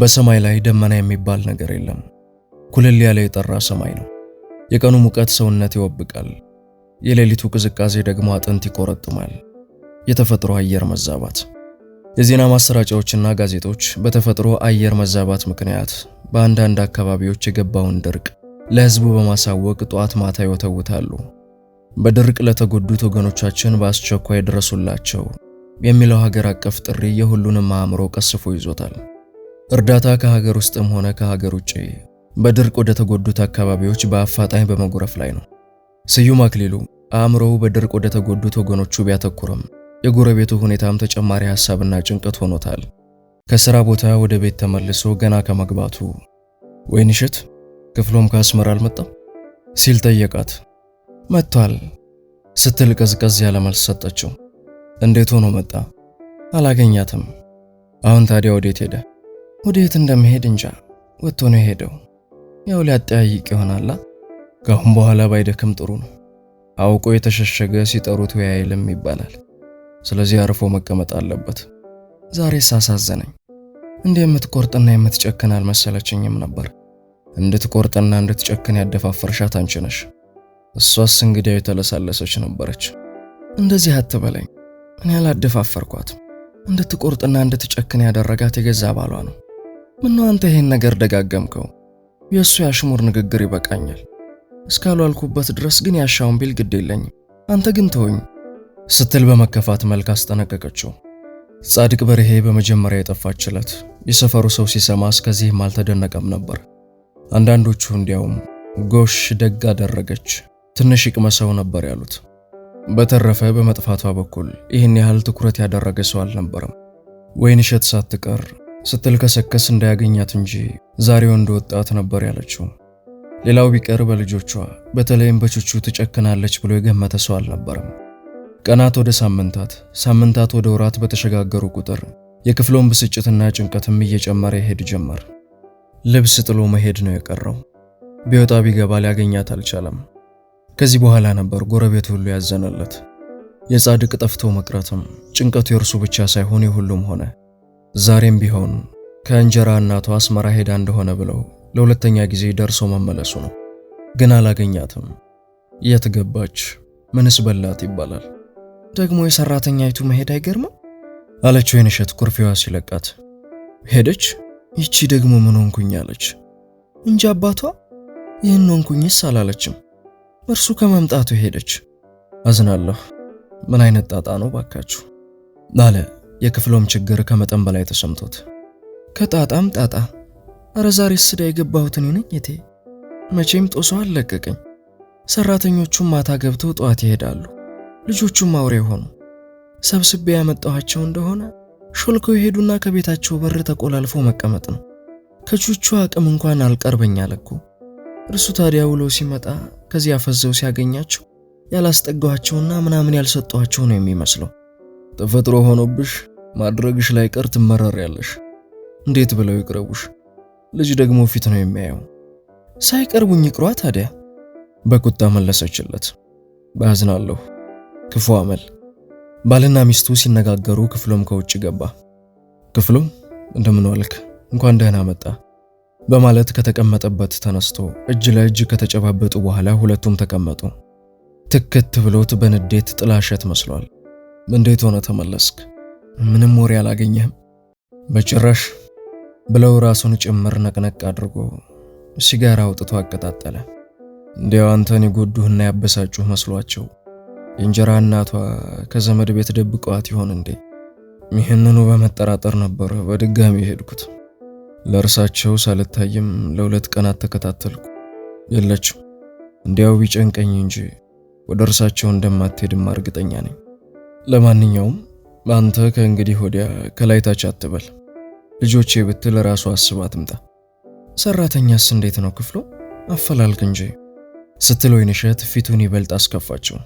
በሰማይ ላይ ደመና የሚባል ነገር የለም። ኩልል ያለ የጠራ ሰማይ ነው። የቀኑ ሙቀት ሰውነት ይወብቃል፣ የሌሊቱ ቅዝቃዜ ደግሞ አጥንት ይቆረጥማል። የተፈጥሮ አየር መዛባት። የዜና ማሰራጫዎችና ጋዜጦች በተፈጥሮ አየር መዛባት ምክንያት በአንዳንድ አካባቢዎች የገባውን ድርቅ ለሕዝቡ በማሳወቅ ጠዋት ማታ ይወተውታሉ። በድርቅ ለተጎዱት ወገኖቻችን በአስቸኳይ ድረሱላቸው የሚለው ሀገር አቀፍ ጥሪ የሁሉንም አእምሮ ቀስፎ ይዞታል። እርዳታ ከሀገር ውስጥም ሆነ ከሀገር ውጭ በድርቅ ወደ ተጎዱት አካባቢዎች በአፋጣኝ በመጎረፍ ላይ ነው። ስዩም አክሊሉ አእምሮው በድርቅ ወደ ተጎዱት ወገኖቹ ቢያተኩርም የጎረቤቱ ሁኔታም ተጨማሪ ሐሳብና ጭንቀት ሆኖታል። ከሥራ ቦታ ወደ ቤት ተመልሶ ገና ከመግባቱ ወይንሽት ክፍሎም ከአስመራ አልመጣም ሲል ጠየቃት። መጥቷል ስትል ቀዝቀዝ ያለ መልስ ሰጠችው። እንዴት ሆኖ መጣ? አላገኛትም። አሁን ታዲያ ወዴት ሄደ? ወደየት እንደመሄድ እንጃ ወጥቶ ነው የሄደው። ያው ሊያጠያይቅ ይሆናላ። ከአሁን በኋላ ባይደክም ጥሩ ነው። አውቆ የተሸሸገ ሲጠሩት ወይ አይልም ይባላል። ስለዚህ አርፎ መቀመጥ አለበት። ዛሬ ሳሳዘነኝ እንዲህ የምትቆርጥና የምትጨክን አልመሰለችኝም ነበር። እንድትቆርጥና እንድትጨክን ያደፋፈርሻት አንቺ ነሽ። እሷስ እንግዲያ የተለሳለሰች ነበረች። እንደዚህ አትበለኝ፣ እኔ አላደፋፈርኳት። እንድትቆርጥና እንድትጨክን ያደረጋት የገዛ ባሏ ነው። ምነው አንተ ይሄን ነገር ደጋገምከው? የእሱ ያሽሙር ንግግር ይበቃኛል። እስካልዋልኩበት ድረስ ግን ያሻውን ቢል ግድ የለኝም። አንተ ግን ተወኝ ስትል በመከፋት መልክ አስጠነቀቀችው። ጻድቅ በርሄ በመጀመሪያ የጠፋችለት የሰፈሩ ሰው ሲሰማ እስከዚህም አልተደነቀም ነበር። አንዳንዶቹ እንዲያውም ጎሽ ደግ አደረገች፣ ትንሽ ይቅመሰው ነበር ያሉት። በተረፈ በመጥፋቷ በኩል ይህን ያህል ትኩረት ያደረገ ሰው አልነበረም። ወይን እሸት ሳትቀር ስትልከሰከስ እንዳያገኛት እንጂ ዛሬው እንደ ወጣት ነበር ያለችው። ሌላው ቢቀር በልጆቿ በተለይም በቹቹ ትጨክናለች ብሎ የገመተ ሰው አልነበረም። ቀናት ወደ ሳምንታት፣ ሳምንታት ወደ ወራት በተሸጋገሩ ቁጥር የክፍሎን ብስጭትና ጭንቀትም እየጨመረ ይሄድ ጀመር። ልብስ ጥሎ መሄድ ነው የቀረው። ቢወጣ ቢገባ ሊያገኛት አልቻለም። ከዚህ በኋላ ነበር ጎረቤት ሁሉ ያዘነለት። የጻድቅ ጠፍቶ መቅረትም ጭንቀቱ የእርሱ ብቻ ሳይሆን የሁሉም ሆነ። ዛሬም ቢሆን ከእንጀራ እናቷ አስመራ ሄዳ እንደሆነ ብለው ለሁለተኛ ጊዜ ደርሶ መመለሱ ነው። ግን አላገኛትም። የት ገባች? ምንስ በላት ይባላል። ደግሞ የሰራተኛይቱ መሄድ አይገርምም አለችው የንሸት ኩርፊዋ ሲለቃት። ሄደች። ይቺ ደግሞ ምን ሆንኩኝ አለች እንጂ አባቷ ይህን ሆንኩኝስ አላለችም። እርሱ ከመምጣቱ ሄደች። አዝናለሁ። ምን አይነት ጣጣ ነው ባካችሁ አለ የክፍሎም ችግር ከመጠን በላይ ተሰምቶት ከጣጣም ጣጣ እረ ዛሬ ስዳ የገባሁት እኔ እቴ። መቼም ጦሶ አልለቀቀኝ። ሰራተኞቹም ማታ ገብተው ጠዋት ይሄዳሉ። ልጆቹም አውሬ ሆኑ። ሰብስቤ ያመጣኋቸው እንደሆነ ሾልከው የሄዱና ከቤታቸው በር ተቆላልፎ መቀመጥ ነው። ከቹቹ አቅም እንኳን አልቀርበኝ አለኩ። እርሱ ታዲያ ውሎ ሲመጣ ከዚያ ፈዘው ሲያገኛቸው ያላስጠጋኋቸውና ምናምን ያልሰጠኋቸው ነው የሚመስለው። ተፈጥሮ ሆኖብሽ ማድረግሽ ላይ ቀር ትመራሪያለሽ። እንዴት ብለው ይቅረቡሽ? ልጅ ደግሞ ፊት ነው የሚያየው። ሳይቀርቡኝ ይቅሯ ታዲያ? በቁጣ መለሰችለት። ባዝናለሁ። ክፉ አመል። ባልና ሚስቱ ሲነጋገሩ ክፍሎም ከውጭ ገባ። ክፍሎም እንደምን ዋልክ፣ እንኳን ደህና መጣ በማለት ከተቀመጠበት ተነስቶ እጅ ለእጅ ከተጨባበጡ በኋላ ሁለቱም ተቀመጡ። ትክት ብሎት በንዴት ጥላሸት መስሏል። እንዴት ሆነ ተመለስክ? ምንም ወሬ አላገኘህም በጭራሽ ብለው ራሱን ጭምር ነቅነቅ አድርጎ ሲጋራ አውጥቶ አቀጣጠለ። እንዲያው አንተን የጎዱህና ያበሳጩህ መስሏቸው የእንጀራ እናቷ ከዘመድ ቤት ደብቀዋት ይሆን እንዴ? ይህንኑ በመጠራጠር ነበር በድጋሚ የሄድኩት። ለእርሳቸው ሳልታይም ለሁለት ቀናት ተከታተልኩ። የለችም። እንዲያው ቢጨንቀኝ እንጂ ወደ እርሳቸው እንደማትሄድም እርግጠኛ ነኝ። ለማንኛውም አንተ ከእንግዲህ ወዲያ ከላይ ታች አትበል ልጆቼ ብትል ራሱ አስባ አትምጣ ሰራተኛስ እንዴት ነው ክፍሉ አፈላልክ እንጂ ስትል ወይንሸት ፊቱን ይበልጥ አስከፋቸው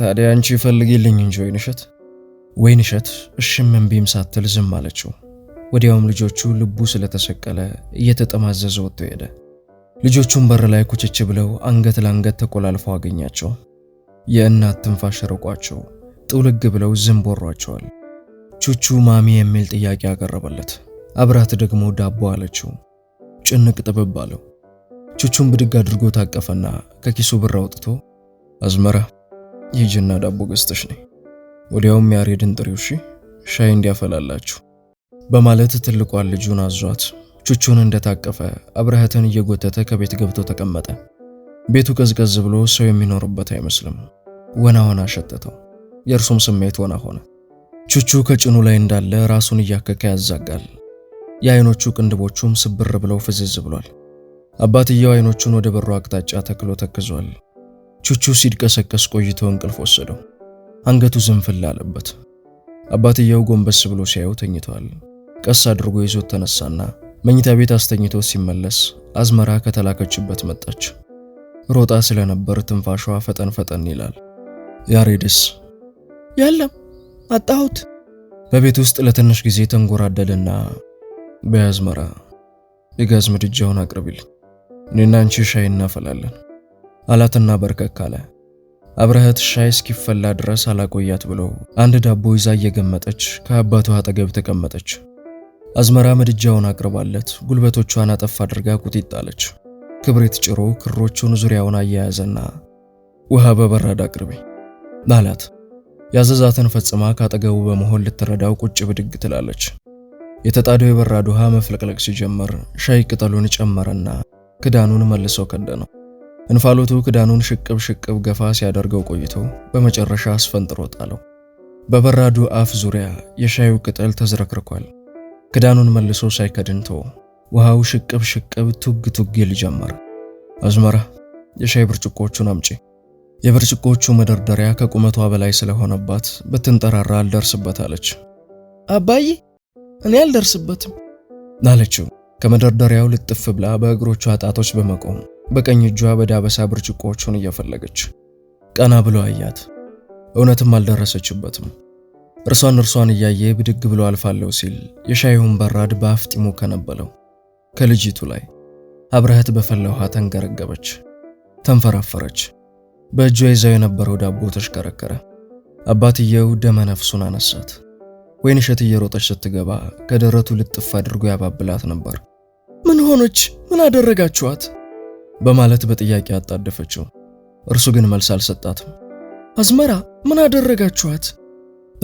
ታዲያ አንቺ ፈልጊልኝ እንጂ ወይንሸት ወይንሸት እሽም እምቢም ሳትል ዝም አለችው። ወዲያውም ልጆቹ ልቡ ስለተሰቀለ እየተጠማዘዘ ወጥቶ ሄደ። ልጆቹን በር ላይ ኩችች ብለው አንገት ለአንገት ተቆላልፈው አገኛቸው። የእናት ትንፋሽ ርቋቸው ጥውልግ ብለው ዝም ቦሯቸዋል። ቹቹ ማሚ የሚል ጥያቄ አቀረበለት። አብራት ደግሞ ዳቦ አለችው። ጭንቅ ጥብብ አለው። ቹቹን ብድግ አድርጎ ታቀፈና ከኪሱ ብር አውጥቶ አዝመራ ይጅና ዳቦ ገዝተሽ ነይ፣ ወዲያውም ያሬድን ጥሪው እሺ፣ ሻይ እንዲያፈላላችሁ በማለት ትልቋን ልጁን አዟት ቹቹን እንደታቀፈ አብረሃትን እየጎተተ ከቤት ገብቶ ተቀመጠ። ቤቱ ቀዝቀዝ ብሎ ሰው የሚኖርበት አይመስልም። ወና ወና ሸተተው። የእርሱም ስሜት ሆነ ሆነ። ቹቹ ከጭኑ ላይ እንዳለ ራሱን እያከከ ያዛጋል። የአይኖቹ ቅንድቦቹም ስብር ብለው ፍዝዝ ብሏል። አባትየው አይኖቹን ወደ በሩ አቅጣጫ ተክሎ ተክዟል። ቹቹ ሲድቀሰቀስ ቆይቶ እንቅልፍ ወሰደው። አንገቱ ዝንፍል አለበት። አባትየው ጎንበስ ብሎ ሲያየው ተኝቷል። ቀስ አድርጎ ይዞት ተነሳና መኝታ ቤት አስተኝቶ ሲመለስ አዝመራ ከተላከችበት መጣች። ሮጣ ስለነበር ትንፋሿ ፈጠን ፈጠን ይላል። ያሬድስ የለም አጣሁት። በቤት ውስጥ ለትንሽ ጊዜ ተንጎራደደና በያዝመራ የጋዝ ምድጃውን አቅርቢልኝ፣ እኔና አንቺ ሻይ እናፈላለን አላትና በርከክ አለ። አብረህት ሻይ እስኪፈላ ድረስ አላቆያት ብሎ አንድ ዳቦ ይዛ እየገመጠች ከአባቷ አጠገብ ተቀመጠች። አዝመራ ምድጃውን አቅርባለት ጉልበቶቿን አጠፍ አድርጋ ቁጢጥ አለች። ክብሪት ጭሮ ክሮቹን ዙሪያውን አያያዘና ውሃ በበራድ አቅርቢ አላት። ያዘዛትን ፈጽማ ካጠገቡ በመሆን ልትረዳው ቁጭ ብድግ ትላለች። የተጣደው የበራድ ውሃ መፍለቅለቅ ሲጀምር ሻይ ቅጠሉን ጨመረና ክዳኑን መልሶ ከደ ነው። እንፋሎቱ ክዳኑን ሽቅብ ሽቅብ ገፋ ሲያደርገው ቆይቶ በመጨረሻ አስፈንጥሮ ጣለው። በበራዱ አፍ ዙሪያ የሻዩ ቅጠል ተዝረክርኳል። ክዳኑን መልሶ ሳይከድንቶ ውሃው ሽቅብ ሽቅብ ቱግ ቱግ ይል ጀመር። አዝመራ የሻይ ብርጭቆቹን አምጪ የብርጭቆቹ መደርደሪያ ከቁመቷ በላይ ስለሆነባት ብትንጠራራ አልደርስበት አለች። አባዬ እኔ አልደርስበትም አለችው ከመደርደሪያው ልጥፍ ብላ በእግሮቿ ጣቶች በመቆም በቀኝ እጇ በዳበሳ ብርጭቆቹን እየፈለገች ቀና ብሎ አያት። እውነትም አልደረሰችበትም። እርሷን እርሷን እያየ ብድግ ብሎ አልፋለሁ ሲል የሻዩን በራድ በአፍጢሙ ከነበለው ከልጅቱ ላይ አብረህት በፈላ ውሃ ተንገረገበች፣ ተንፈራፈረች። በእጇ ይዛው የነበረው ዳቦ ተሽከረከረ። አባትየው ደመ ነፍሱን አነሳት። ወይን እሸት እየሮጠች ስትገባ ከደረቱ ልጥፍ አድርጎ ያባብላት ነበር። ምን ሆኖች? ምን አደረጋችኋት? በማለት በጥያቄ አጣደፈችው። እርሱ ግን መልስ አልሰጣትም። አዝመራ ምን አደረጋችኋት?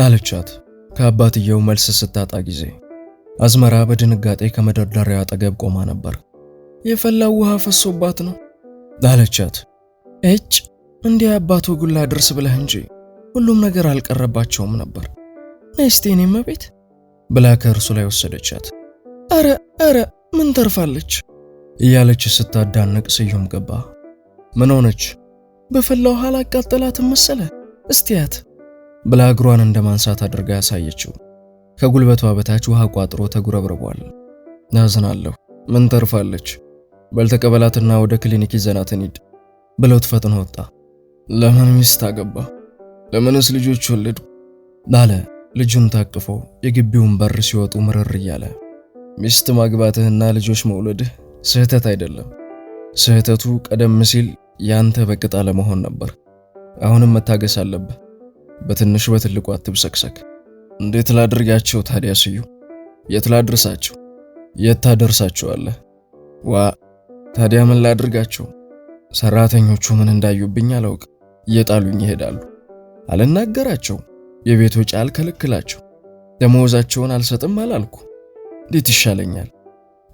አለቻት ከአባትየው መልስ ስታጣ ጊዜ። አዝመራ በድንጋጤ ከመደርደሪያው አጠገብ ቆማ ነበር። የፈላው ውሃ ፈሶባት ነው አለቻት። እጭ እንዲህ አባቱ ጉላ ድርስ ብለህ እንጂ ሁሉም ነገር አልቀረባቸውም ነበር። እስቲ እኔም ቤት ብላ ከእርሱ ላይ ወሰደቻት። አረ አረ ምን ተርፋለች እያለች ስታዳነቅ ስዩም ገባ። ምን ሆነች? በፈላ ውሃ አላቃጠላትም መሰለ እስቲያት ብላ እግሯን እንደ ማንሳት አድርጋ ያሳየችው። ከጉልበቷ በታች ውሃ ቋጥሮ ተጉረብርቧል። ናዝናለሁ። ምን ተርፋለች? በልተቀበላትና ወደ ክሊኒክ ይዘናትን ሂድ ብሎት ፈጥኖ ወጣ። ለምን ሚስት አገባ? ለምንስ ልጆች ወለዱ? ላለ ልጁን ታቅፎ የግቢውን በር ሲወጡ ምርር እያለ። ሚስት ማግባትህና ልጆች መውለድህ ስህተት አይደለም። ስህተቱ ቀደም ሲል ያንተ በቅጥ አለመሆን ነበር። አሁንም መታገስ አለብህ። በትንሹ በትልቁ አትብሰክሰክ። እንዴት ላድርጋቸው ታዲያ ስዩ? የት ላድርሳቸው? የት ታደርሳቸዋለህ? ዋ ታዲያ ምን ላድርጋቸው? ሰራተኞቹ ምን እንዳዩብኝ አላውቅ እየጣሉኝ ይሄዳሉ። አልናገራቸውም። የቤት ወጪ ከልክላቸው ደመወዛቸውን አልሰጥም አላልኩ። እንዴት ይሻለኛል?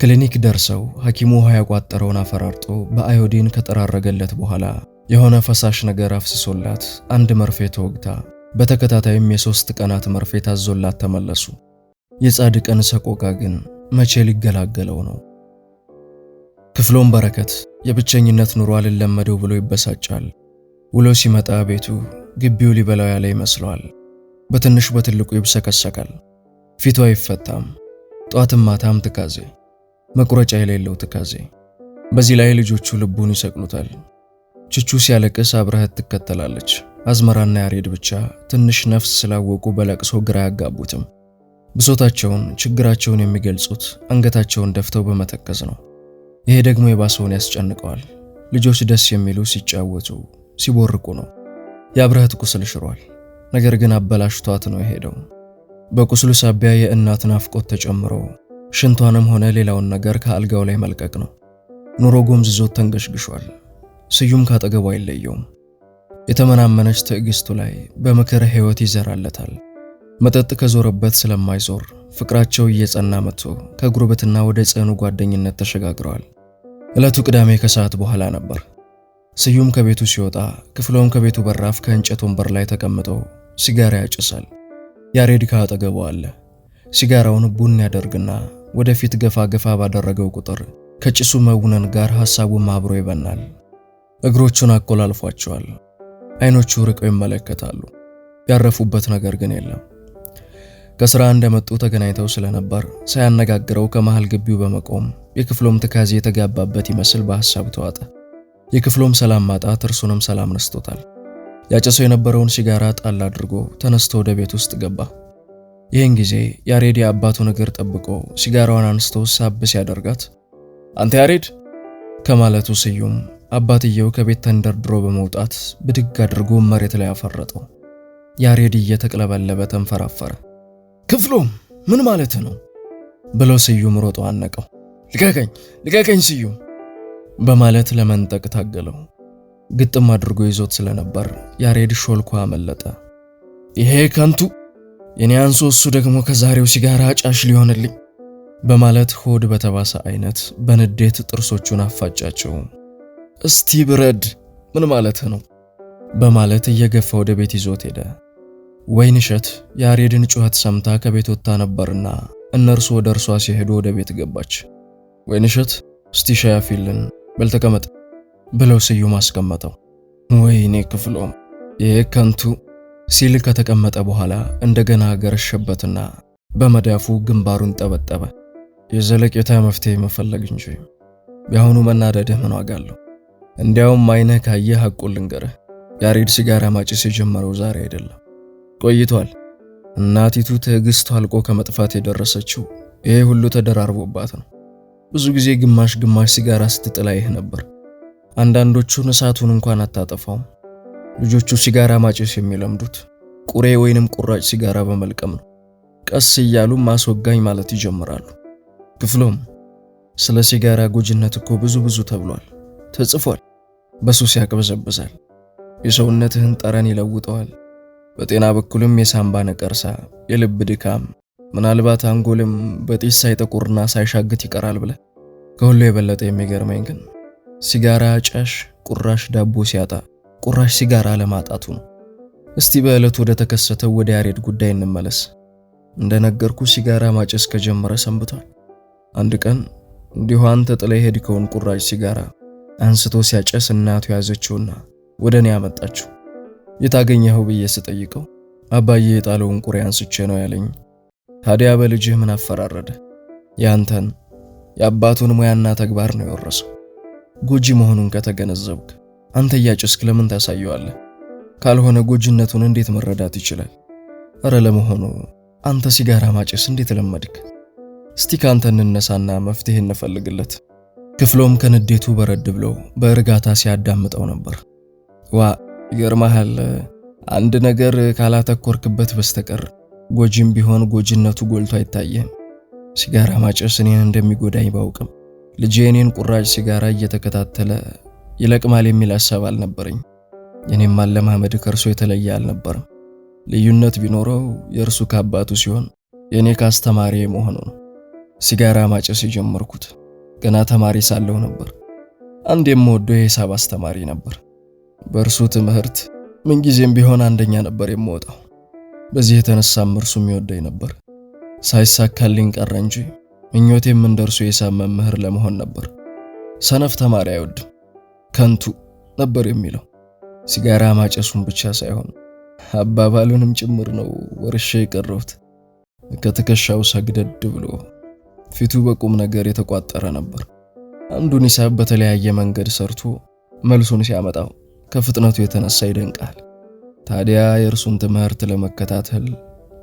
ክሊኒክ ደርሰው ሐኪሙ ውሃ ያቋጠረውን አፈራርጦ በአዮዲን ከጠራረገለት በኋላ የሆነ ፈሳሽ ነገር አፍስሶላት አንድ መርፌ ተወግታ በተከታታይም የሦስት ቀናት መርፌ ታዞላት ተመለሱ። የጻድቅን ሰቆቃ ግን መቼ ሊገላገለው ነው? ክፍሎም በረከት የብቸኝነት ኑሮ አልለመደው ብሎ ይበሳጫል። ውሎ ሲመጣ ቤቱ ግቢው ሊበላው ያለ ይመስለዋል። በትንሹ በትልቁ ይብሰከሰካል። ፊቱ አይፈታም። ጧትም ማታም ትካዜ፣ መቁረጫ የሌለው ትካዜ። በዚህ ላይ ልጆቹ ልቡን ይሰቅሉታል። ችቹ ሲያለቅስ አብረህት ትከተላለች። አዝመራና ያሬድ ብቻ ትንሽ ነፍስ ስላወቁ በለቅሶ ግራ አያጋቡትም። ብሶታቸውን፣ ችግራቸውን የሚገልጹት አንገታቸውን ደፍተው በመተከዝ ነው። ይሄ ደግሞ የባሰውን ያስጨንቀዋል። ልጆች ደስ የሚሉ ሲጫወቱ ሲቦርቁ ነው። የአብርሃት ቁስል ሽሯል፣ ነገር ግን አበላሽቷት ነው የሄደው። በቁስሉ ሳቢያ የእናት ናፍቆት ተጨምሮ ሽንቷንም ሆነ ሌላውን ነገር ከአልጋው ላይ መልቀቅ ነው። ኑሮ ጎምዝዞት ተንገሽግሿል። ስዩም ካጠገቡ አይለየውም። የተመናመነች ትዕግስቱ ላይ በምክር ሕይወት ይዘራለታል። መጠጥ ከዞረበት ስለማይዞር ፍቅራቸው እየጸና መጥቶ ከጉርብትና ወደ ጽኑ ጓደኝነት ተሸጋግረዋል። ዕለቱ ቅዳሜ ከሰዓት በኋላ ነበር። ስዩም ከቤቱ ሲወጣ ክፍለውም ከቤቱ በራፍ ከእንጨት ወንበር ላይ ተቀምጦ ሲጋራ ያጭሳል። ያሬድ ከአጠገቡ አለ። ሲጋራውን ቡን ያደርግና ወደፊት ገፋ ገፋ ባደረገው ቁጥር ከጭሱ መውነን ጋር ሐሳቡም አብሮ ይበናል። እግሮቹን አቆላልፏቸዋል። አይኖቹ ርቀው ይመለከታሉ። ያረፉበት ነገር ግን የለም። ከስራ እንደመጡ ተገናኝተው ስለነበር ሳያነጋግረው ከመሃል ግቢው በመቆም የክፍሎም ትካዜ የተጋባበት ይመስል በሐሳብ ተዋጠ። የክፍሎም ሰላም ማጣት እርሱንም ሰላም ነስቶታል። ያጨሰው የነበረውን ሲጋራ ጣል አድርጎ ተነስቶ ወደ ቤት ውስጥ ገባ። ይህን ጊዜ ያሬድ የአባቱን እግር ጠብቆ ሲጋራዋን አንስቶ ሳብ ሲያደርጋት አንተ ያሬድ ከማለቱ ስዩም አባትየው ከቤት ተንደርድሮ በመውጣት ብድግ አድርጎ መሬት ላይ አፈረጠው። ያሬድ እየተቅለበለበ ተንፈራፈረ። ክፍሎም ምን ማለት ነው ብሎ ስዩም ሮጦ አነቀው። ልቀቀኝ፣ ልቀቀኝ ስዩም በማለት ለመንጠቅ ታገለው። ግጥም አድርጎ ይዞት ስለነበር ያሬድ ሾልኮ አመለጠ። ይሄ ከንቱ የኔ አንሶ እሱ ደግሞ ከዛሬው ሲጋራ አጫሽ ሊሆንልኝ በማለት ሆድ በተባሰ አይነት በንዴት ጥርሶቹን አፋጫቸው። እስቲ ብረድ ምን ማለት ነው? በማለት እየገፋ ወደ ቤት ይዞት ሄደ። ወይንሸት ያሬድን ጩኸት ሰምታ ከቤት ወጥታ ነበርና እነርሱ ወደ እርሷ ሲሄዱ ወደ ቤት ገባች። ወይንሸት እስቲ ሻይ አፊልን በል ተቀመጥ ብለው ስዩም አስቀመጠው። ወይኔ ክፍሎም ይሄ ከንቱ ሲል ከተቀመጠ በኋላ እንደገና ገረሸበትና በመዳፉ ግንባሩን ጠበጠበ። የዘለቄታ መፍትሄ መፈለግ እንጂ የአሁኑ መናደድህ ምን ዋጋ አለው? እንዲያውም አይነህ ካየህ ሐቁን ልንገርህ፣ ያሬድ ሲጋራ ማጭስ የጀመረው ዛሬ አይደለም፣ ቆይቷል። እናቲቱ ትዕግስቱ አልቆ ከመጥፋት የደረሰችው ይሄ ሁሉ ተደራርቦባት ነው። ብዙ ጊዜ ግማሽ ግማሽ ሲጋራ ስትጥላ ይህ ነበር። አንዳንዶቹን እሳቱን እንኳን አታጠፋውም። ልጆቹ ሲጋራ ማጨስ የሚለምዱት ቁሬ ወይንም ቁራጭ ሲጋራ በመልቀም ነው። ቀስ እያሉም ማስወጋኝ ማለት ይጀምራሉ። ክፍሎም ስለ ሲጋራ ጎጅነት እኮ ብዙ ብዙ ተብሏል፣ ተጽፏል። በሱስ ያቅበዘብዛል፣ የሰውነትህን ጠረን ይለውጠዋል። በጤና በኩልም የሳምባ ነቀርሳ፣ የልብ ድካም፣ ምናልባት አንጎልም በጢስ ሳይጠቁርና ሳይሻግት ይቀራል ብለ። ከሁሉ የበለጠ የሚገርመኝ ግን ሲጋራ ጫሽ ቁራሽ ዳቦ ሲያጣ ቁራሽ ሲጋራ ለማጣቱ ነው። እስቲ በዕለቱ ወደ ተከሰተው ወደ ያሬድ ጉዳይ እንመለስ። እንደነገርኩ ሲጋራ ማጨስ ከጀመረ ሰንብቷል። አንድ ቀን እንዲሁ አንተ ጥለ የሄድከውን ቁራጭ ሲጋራ አንስቶ ሲያጨስ እናቱ ያዘችውና ወደ እኔ ያመጣችው። የታገኘኸው ብዬ ስጠይቀው አባዬ የጣለውን ቁሬ አንስቼ ነው ያለኝ ታዲያ በልጅህ ምን አፈራረደ? ያንተን የአባቱን ሙያና ተግባር ነው የወረሰው። ጎጂ መሆኑን ከተገነዘብክ አንተ እያጭስክ ለምን ታሳየዋለህ? ካልሆነ ጎጂነቱን እንዴት መረዳት ይችላል? እረ ለመሆኑ አንተ ሲጋራ ማጨስ እንዴት ለመድክ? እስቲ ካንተ እንነሳና መፍትሄ እንፈልግለት። ክፍሎም ከንዴቱ በረድ ብሎ በእርጋታ ሲያዳምጠው ነበር። ዋ ይገርመሃል፣ አንድ ነገር ካላተኮርክበት በስተቀር ጎጂም ቢሆን ጎጂነቱ ጎልቶ አይታየም። ሲጋራ ማጨስ እኔን እንደሚጎዳኝ ባውቅም ልጄ እኔን ቁራጭ ሲጋራ እየተከታተለ ይለቅማል የሚል ሀሳብ አልነበረኝ። የኔም አለማመድ ከእርሶ የተለየ አልነበርም። ልዩነት ቢኖረው የእርሱ ከአባቱ ሲሆን የእኔ ከአስተማሪ መሆኑ ነው። ሲጋራ ማጨስ የጀመርኩት ገና ተማሪ ሳለሁ ነበር። አንድ የምወደው የሂሳብ አስተማሪ ነበር። በእርሱ ትምህርት ምንጊዜም ቢሆን አንደኛ ነበር የምወጣው። በዚህ የተነሳም እርሱ ይወደኝ ነበር። ሳይሳካልኝ ቀረ እንጂ ምኞቴም እንደ እርሱ የሂሳብ መምህር ለመሆን ነበር። ሰነፍ ተማሪ አይወድም ከንቱ ነበር የሚለው ሲጋራ ማጨሱን ብቻ ሳይሆን አባባሉንም ጭምር ነው ወርሼ የቀረሁት። ከትከሻው ሰግደድ ብሎ ፊቱ በቁም ነገር የተቋጠረ ነበር። አንዱን ሂሳብ በተለያየ መንገድ ሰርቶ መልሱን ሲያመጣው ከፍጥነቱ የተነሳ ይደንቃል። ታዲያ የእርሱን ትምህርት ለመከታተል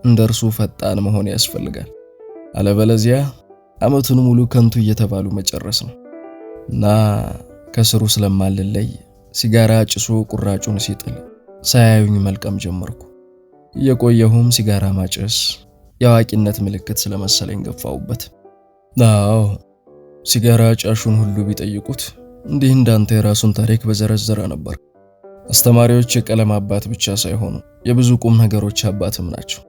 እንደ እርሱ ፈጣን መሆን ያስፈልጋል። አለበለዚያ ዓመቱን ሙሉ ከንቱ እየተባሉ መጨረስ ነው እና ከስሩ ስለማልለይ ሲጋራ ጭሶ ቁራጩን ሲጥል ሳያዩኝ መልቀም ጀመርኩ። እየቆየሁም ሲጋራ ማጨስ የአዋቂነት ምልክት ስለመሰለኝ ገፋውበት። አዎ ሲጋራ ጫሹን ሁሉ ቢጠይቁት እንዲህ እንዳንተ የራሱን ታሪክ በዘረዘረ ነበር። አስተማሪዎች የቀለም አባት ብቻ ሳይሆኑ የብዙ ቁም ነገሮች አባትም ናቸው።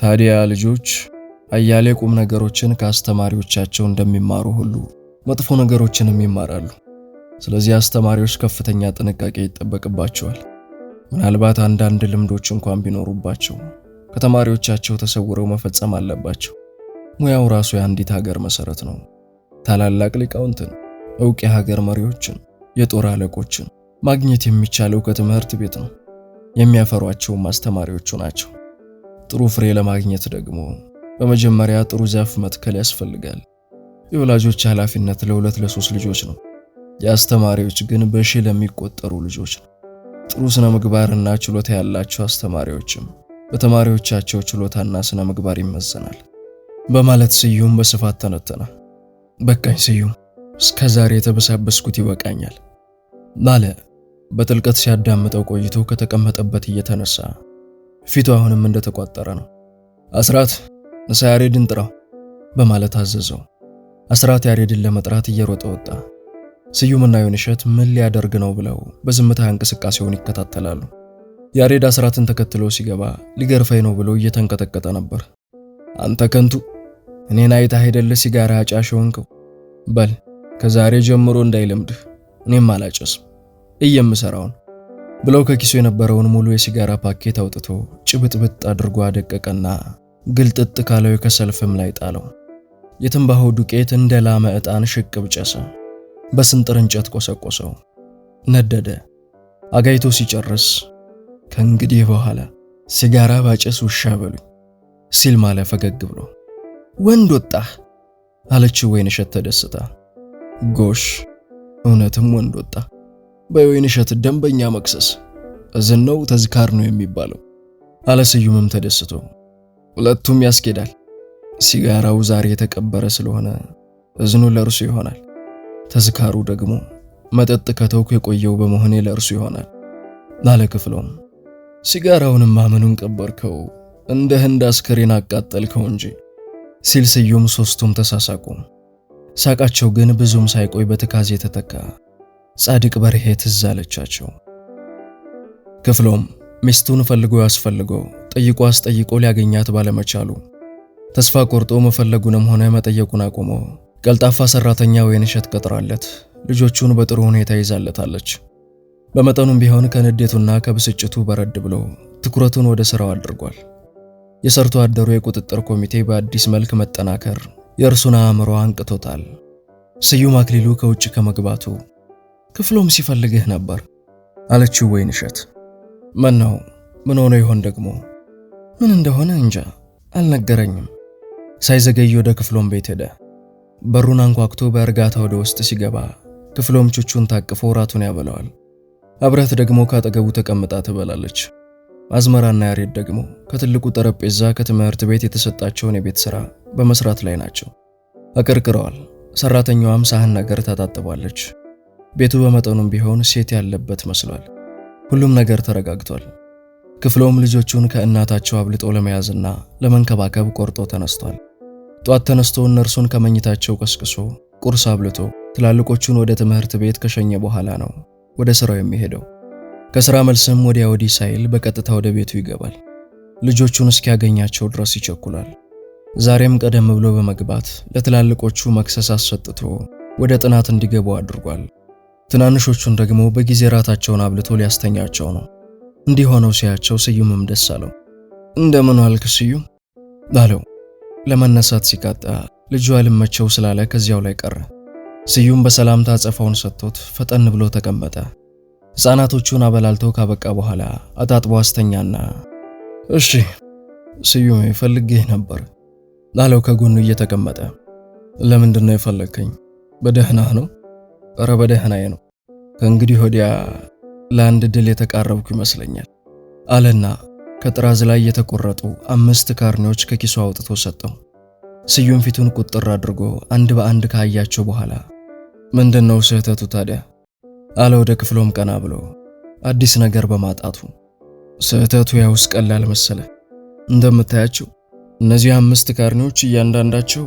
ታዲያ ልጆች አያሌ ቁም ነገሮችን ከአስተማሪዎቻቸው እንደሚማሩ ሁሉ መጥፎ ነገሮችንም ይማራሉ። ስለዚህ አስተማሪዎች ከፍተኛ ጥንቃቄ ይጠበቅባቸዋል። ምናልባት አንዳንድ ልምዶች እንኳን ቢኖሩባቸው ከተማሪዎቻቸው ተሰውረው መፈጸም አለባቸው። ሙያው ራሱ የአንዲት ሀገር መሰረት ነው። ታላላቅ ሊቃውንትን፣ እውቅ የሀገር መሪዎችን፣ የጦር አለቆችን ማግኘት የሚቻለው ከትምህርት ቤት ነው። የሚያፈሯቸውም አስተማሪዎቹ ናቸው። ጥሩ ፍሬ ለማግኘት ደግሞ በመጀመሪያ ጥሩ ዛፍ መትከል ያስፈልጋል። የወላጆች ኃላፊነት ለሁለት ለሶስት ልጆች ነው። የአስተማሪዎች ግን በሺ ለሚቆጠሩ ልጆች ነው። ጥሩ ስነ ምግባርና ችሎታ ያላቸው አስተማሪዎችም በተማሪዎቻቸው ችሎታና ስነ ምግባር ይመዘናል በማለት ስዩም በስፋት ተነተና በቃኝ ስዩም፣ እስከ ዛሬ የተበሳበስኩት ይበቃኛል ማለ በጥልቀት ሲያዳምጠው ቆይቶ ከተቀመጠበት እየተነሳ ፊቱ አሁንም እንደተቋጠረ ነው። አስራት እሳ ያሬድን ጥራው በማለት አዘዘው። አስራት ያሬድን ለመጥራት እየሮጠ ወጣ። ስዩምና ዮንሸት ምን ሊያደርግ ነው ብለው በዝምታ እንቅስቃሴውን ይከታተላሉ። ያሬድ አስራትን ተከትሎ ሲገባ ሊገርፈኝ ነው ብሎ እየተንቀጠቀጠ ነበር። አንተ ከንቱ እኔን አይታ አይደለ ሲጋራ አጫሽ ሆንከው? በል ከዛሬ ጀምሮ እንዳይለምድህ እኔም አላጨስም እየምሰራውን ብለው ከኪሱ የነበረውን ሙሉ የሲጋራ ፓኬት አውጥቶ ጭብጥብጥ አድርጎ አደቀቀና ግልጥጥ ካለው የከሰል ፍም ላይ ጣለው። የትንባሆ ዱቄት እንደ ላመ ዕጣን ሽቅብ ጨሰ። በስንጥር እንጨት ቆሰቆሰው፣ ነደደ። አጋይቶ ሲጨርስ ከእንግዲህ በኋላ ሲጋራ ባጨስ ውሻ በሉኝ ሲል ማለ ፈገግ ብሎ። ወንድ ወጣህ አለችው ወይንሸት ተደስታ። ጎሽ እውነትም ወንድ ወጣ። በወይን እሸት ደንበኛ መቅሰስ ነው ተዝካር ነው የሚባለው አለ ስዩምም ተደስቶ። ሁለቱም ያስኬዳል። ሲጋራው ዛሬ የተቀበረ ስለሆነ እዝኑ ለእርሱ ይሆናል። ተዝካሩ ደግሞ መጠጥ ከተውኩ የቆየው በመሆኔ ለእርሱ ይሆናል አለ ክፍሎም ሲጋራውንም ማመኑን ቀበርከው እንደ ህንድ አስከሬን አቃጠልከው እንጂ ሲል ስዩም ሶስቱም ተሳሳቁ። ሳቃቸው ግን ብዙም ሳይቆይ በትካዜ ተተካ። ጻድቅ በርሄ ትዝ አለቻቸው። ክፍሎም ሚስቱን ፈልጎ ያስፈልገው ጠይቆ አስጠይቆ ሊያገኛት ባለመቻሉ ተስፋ ቆርጦ መፈለጉንም ሆነ መጠየቁን አቁሞ ቀልጣፋ ሰራተኛ ወይንሸት ቀጥራለት ልጆቹን በጥሩ ሁኔታ ይዛለታለች። በመጠኑም ቢሆን ከንዴቱና ከብስጭቱ በረድ ብሎ ትኩረቱን ወደ ሥራው አድርጓል። የሰርቶ አደሩ የቁጥጥር ኮሚቴ በአዲስ መልክ መጠናከር የእርሱን አእምሮ አንቅቶታል። ስዩም አክሊሉ ከውጭ ከመግባቱ ክፍሎም ሲፈልግህ ነበር አለችው ወይን እሸት። ነው ምን ሆነ ይሆን ደግሞ? ምን እንደሆነ እንጃ አልነገረኝም። ሳይዘገይ ወደ ክፍሎም ቤት ሄደ። በሩን አንኳኩቶ በእርጋታ ወደ ውስጥ ሲገባ ክፍሎም ቹቹን ታቅፎ ራቱን ያበላዋል። አብረት ደግሞ ካጠገቡ ተቀምጣ ትበላለች። አዝመራና ያሬድ ደግሞ ከትልቁ ጠረጴዛ ከትምህርት ቤት የተሰጣቸውን የቤት ሥራ በመስራት ላይ ናቸው። አቀርቅረዋል። ሰራተኛዋም ሳህን ነገር ታጣጥባለች። ቤቱ በመጠኑም ቢሆን ሴት ያለበት መስሏል። ሁሉም ነገር ተረጋግቷል። ክፍሎም ልጆቹን ከእናታቸው አብልጦ ለመያዝና ለመንከባከብ ቆርጦ ተነስቷል። ጧት ተነስቶ እነርሱን ከመኝታቸው ቀስቅሶ ቁርስ አብልቶ ትላልቆቹን ወደ ትምህርት ቤት ከሸኘ በኋላ ነው ወደ ሥራው የሚሄደው። ከሥራ መልስም ወዲያ ወዲህ ሳይል በቀጥታ ወደ ቤቱ ይገባል። ልጆቹን እስኪያገኛቸው ድረስ ይቸኩላል። ዛሬም ቀደም ብሎ በመግባት ለትላልቆቹ መክሰስ አሰጥቶ ወደ ጥናት እንዲገቡ አድርጓል። ትናንሾቹን ደግሞ በጊዜ ራታቸውን አብልቶ ሊያስተኛቸው ነው። እንዲህ ሆነው ሲያቸው ስዩምም ደስ አለው። እንደምን አልክ ስዩም አለው። ለመነሳት ሲቃጣ ልጁ አልመቸው ስላለ ከዚያው ላይ ቀረ። ስዩም በሰላምታ አጸፋውን ሰጥቶት ፈጠን ብሎ ተቀመጠ። ሕፃናቶቹን አበላልቶ ካበቃ በኋላ አጣጥቦ አስተኛና እሺ ስዩም ፈልጌህ ነበር አለው ከጎኑ እየተቀመጠ ለምንድን ነው የፈለግከኝ? በደህና ነው እረ በደህናዬ ነው፣ ከእንግዲህ ወዲያ ለአንድ ድል የተቃረብኩ ይመስለኛል አለና ከጥራዝ ላይ የተቆረጡ አምስት ካርኔዎች ከኪሱ አውጥቶ ሰጠው። ስዩም ፊቱን ቁጥር አድርጎ አንድ በአንድ ካያቸው በኋላ ምንድን ነው ስህተቱ ታዲያ አለ። ወደ ክፍሎም ቀና ብሎ አዲስ ነገር በማጣቱ ስህተቱ ያውስ ቀላል መሰለ። እንደምታያቸው እነዚህ አምስት ካርኔዎች እያንዳንዳቸው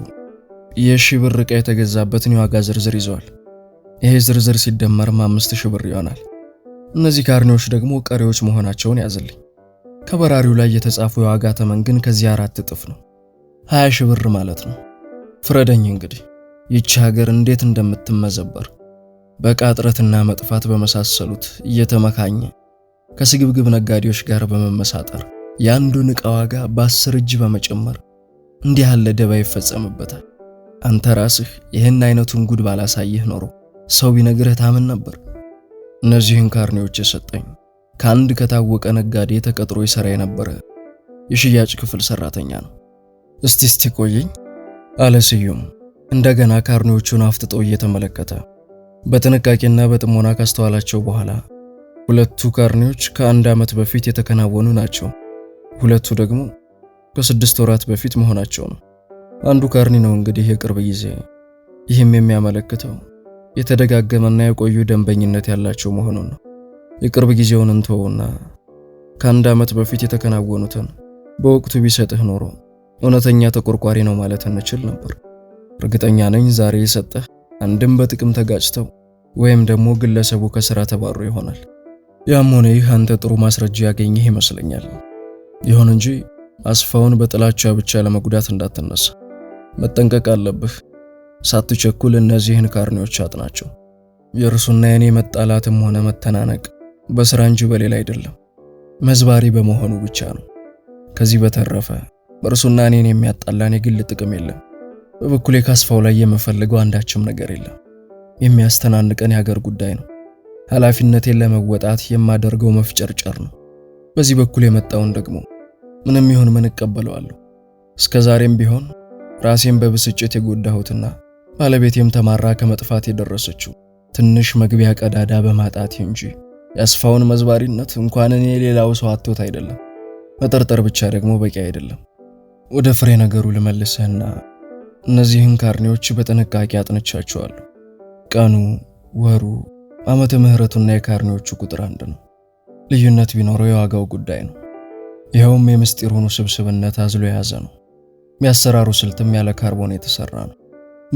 የሺ ብር ዕቃ የተገዛበትን የዋጋ ዝርዝር ይዘዋል። ይሄ ዝርዝር ሲደመርም አምስት ሺህ ብር ይሆናል። እነዚህ ካርኔዎች ደግሞ ቀሪዎች መሆናቸውን ያዝልኝ። ከበራሪው ላይ የተጻፉ የዋጋ ተመን ግን ከዚህ አራት እጥፍ ነው፣ ሀያ ሺህ ብር ማለት ነው። ፍረደኝ እንግዲህ ይቺ ሀገር እንዴት እንደምትመዘበር በቃ እጥረትና መጥፋት በመሳሰሉት እየተመካኘ ከስግብግብ ነጋዴዎች ጋር በመመሳጠር የአንዱን ዕቃ ዋጋ በአስር እጅ በመጨመር እንዲህ ያለ ደባ ይፈጸምበታል። አንተ ራስህ ይህን አይነቱን ጉድ ባላሳይህ ኖሮ ሰው ቢነግርህ ታምን ነበር። እነዚህን ካርኔዎች የሰጠኝ ከአንድ ከታወቀ ነጋዴ ተቀጥሮ ይሰራ የነበረ የሽያጭ ክፍል ሰራተኛ ነው። እስቲ እስቲ ቆየኝ አለ ስዩም እንደገና ካርኔዎቹን አፍጥጦ እየተመለከተ። በጥንቃቄና በጥሞና ካስተዋላቸው በኋላ ሁለቱ ካርኔዎች ከአንድ ዓመት በፊት የተከናወኑ ናቸው። ሁለቱ ደግሞ ከስድስት ወራት በፊት መሆናቸው ነው። አንዱ ካርኒ ነው እንግዲህ የቅርብ ጊዜ። ይህም የሚያመለክተው የተደጋገመና የቆዩ ደንበኝነት ያላቸው መሆኑን ነው። የቅርብ ጊዜውን እንተወውና ከአንድ ዓመት በፊት የተከናወኑትን በወቅቱ ቢሰጥህ ኖሮ እውነተኛ ተቆርቋሪ ነው ማለት እንችል ነበር። እርግጠኛ ነኝ ዛሬ የሰጠህ አንድም በጥቅም ተጋጭተው ወይም ደግሞ ግለሰቡ ከሥራ ተባሮ ይሆናል። ያም ሆነ ይህ አንተ ጥሩ ማስረጃ ያገኘህ ይመስለኛል። ይሁን እንጂ አስፋውን በጥላቻ ብቻ ለመጉዳት እንዳትነሳ መጠንቀቅ አለብህ። ሳትቸኩል እነዚህን ካርኔዎች አጥናቸው። የእርሱና የእኔ መጣላትም ሆነ መተናነቅ በስራ እንጂ በሌላ አይደለም፣ መዝባሪ በመሆኑ ብቻ ነው። ከዚህ በተረፈ እርሱና እኔን የሚያጣላን የግል ጥቅም የለም። በበኩሌ ካስፋው ላይ የምፈልገው አንዳችም ነገር የለም። የሚያስተናንቀን የሀገር ጉዳይ ነው። ኃላፊነቴን ለመወጣት የማደርገው መፍጨርጨር ነው። በዚህ በኩል የመጣውን ደግሞ ምንም ይሁን ምን እቀበለዋለሁ። እስከ ዛሬም ቢሆን ራሴን በብስጭት የጎዳሁትና ባለቤቴም ተማራ ከመጥፋት የደረሰችው ትንሽ መግቢያ ቀዳዳ በማጣት እንጂ የአስፋውን መዝባሪነት እንኳን እኔ ሌላው ሰው አቶት አይደለም። መጠርጠር ብቻ ደግሞ በቂ አይደለም። ወደ ፍሬ ነገሩ ልመልስህና እነዚህን ካርኔዎች በጥንቃቄ አጥንቻቸዋለሁ። ቀኑ፣ ወሩ፣ ዓመተ ምሕረቱና የካርኔዎቹ ቁጥር አንድ ነው። ልዩነት ቢኖረው የዋጋው ጉዳይ ነው። ይኸውም የምስጢሩን ውስብስብነት አዝሎ የያዘ ነው። የአሰራሩ ስልትም ያለ ካርቦን የተሰራ ነው።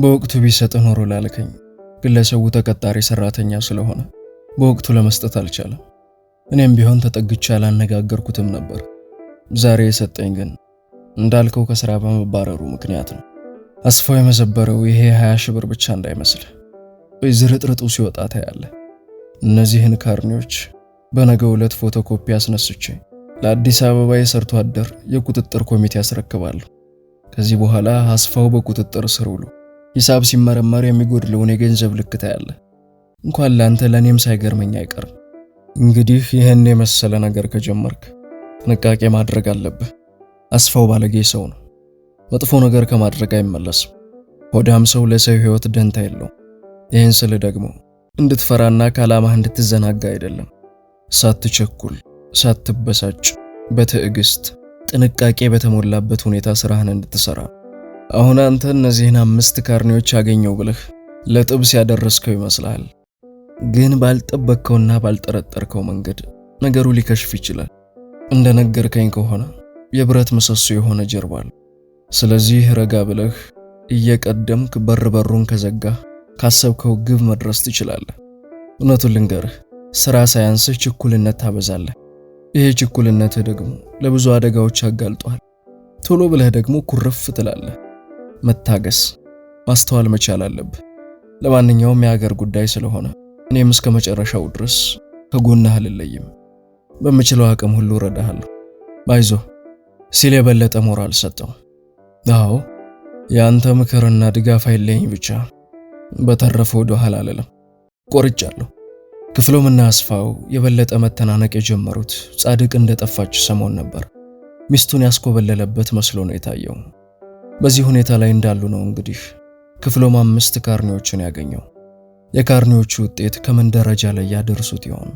በወቅቱ ቢሰጥ ኖሮ ላልከኝ። ግለሰቡ ተቀጣሪ ሰራተኛ ስለሆነ በወቅቱ ለመስጠት አልቻለም። እኔም ቢሆን ተጠግቼ አላነጋገርኩትም ነበር። ዛሬ የሰጠኝ ግን እንዳልከው ከሥራ በመባረሩ ምክንያት ነው። አስፋው የመዘበረው ይሄ 20 ሺህ ብር ብቻ እንዳይመስልህ፣ ዝርጥርጡ ሲወጣ ታያለህ። እነዚህን ካርኒዎች በነገው ዕለት ፎቶኮፒ አስነስቼ ለአዲስ አበባ የሰርቶ አደር የቁጥጥር ኮሚቴ ያስረክባሉ። ከዚህ በኋላ አስፋው በቁጥጥር ስር ውሉ ሂሳብ ሲመረመር የሚጎድለውን የገንዘብ ልክታ ያለ እንኳን ለአንተ ለእኔም ሳይገርመኝ አይቀርም። እንግዲህ ይህን የመሰለ ነገር ከጀመርክ ጥንቃቄ ማድረግ አለብህ። አስፋው ባለጌ ሰው ነው። መጥፎ ነገር ከማድረግ አይመለስም። ሆዳም ሰው ለሰው ሕይወት ደንታ የለው። ይህን ስል ደግሞ እንድትፈራና ከዓላማህ እንድትዘናጋ አይደለም። ሳትቸኩል፣ ሳትበሳጭ፣ በትዕግስት ጥንቃቄ በተሞላበት ሁኔታ ስራህን እንድትሰራ አሁን አንተ እነዚህን አምስት ካርኔዎች አገኘው ብለህ ለጥብስ ያደረስከው ይመስላል። ግን ባልጠበቅከውና ባልጠረጠርከው መንገድ ነገሩ ሊከሽፍ ይችላል። እንደነገርከኝ ከሆነ የብረት ምሰሶ የሆነ ጀርባ አለ። ስለዚህ ረጋ ብለህ እየቀደምክ በር በሩን ከዘጋህ ካሰብከው ግብ መድረስ ትችላለህ። እውነቱን ልንገርህ፣ ስራ ሳያንስህ ችኩልነት ታበዛለህ። ይሄ ችኩልነትህ ደግሞ ለብዙ አደጋዎች ያጋልጧል። ቶሎ ብለህ ደግሞ ኩርፍ ትላለህ። መታገስ፣ ማስተዋል መቻል አለብህ። ለማንኛውም የሀገር ጉዳይ ስለሆነ እኔም እስከ መጨረሻው ድረስ ከጎናህ አልለይም። በምችለው አቅም ሁሉ እረዳሃለሁ፣ ባይዞ ሲል የበለጠ ሞራል ሰጠው። አዎ የአንተ ምክርና ድጋፍ አይለኝ ብቻ። በተረፈ ወደ ኋላ አልልም፣ ቆርጫለሁ። እና አስፋው የበለጠ መተናነቅ የጀመሩት ጻድቅ እንደጠፋች ሰሞን ነበር። ሚስቱን ያስኮበለለበት መስሎ ነው የታየው። በዚህ ሁኔታ ላይ እንዳሉ ነው እንግዲህ ክፍሎም አምስት ካርኒዎችን ያገኘው። የካርኒዎቹ ውጤት ከምን ደረጃ ላይ ያደርሱት ይሆን?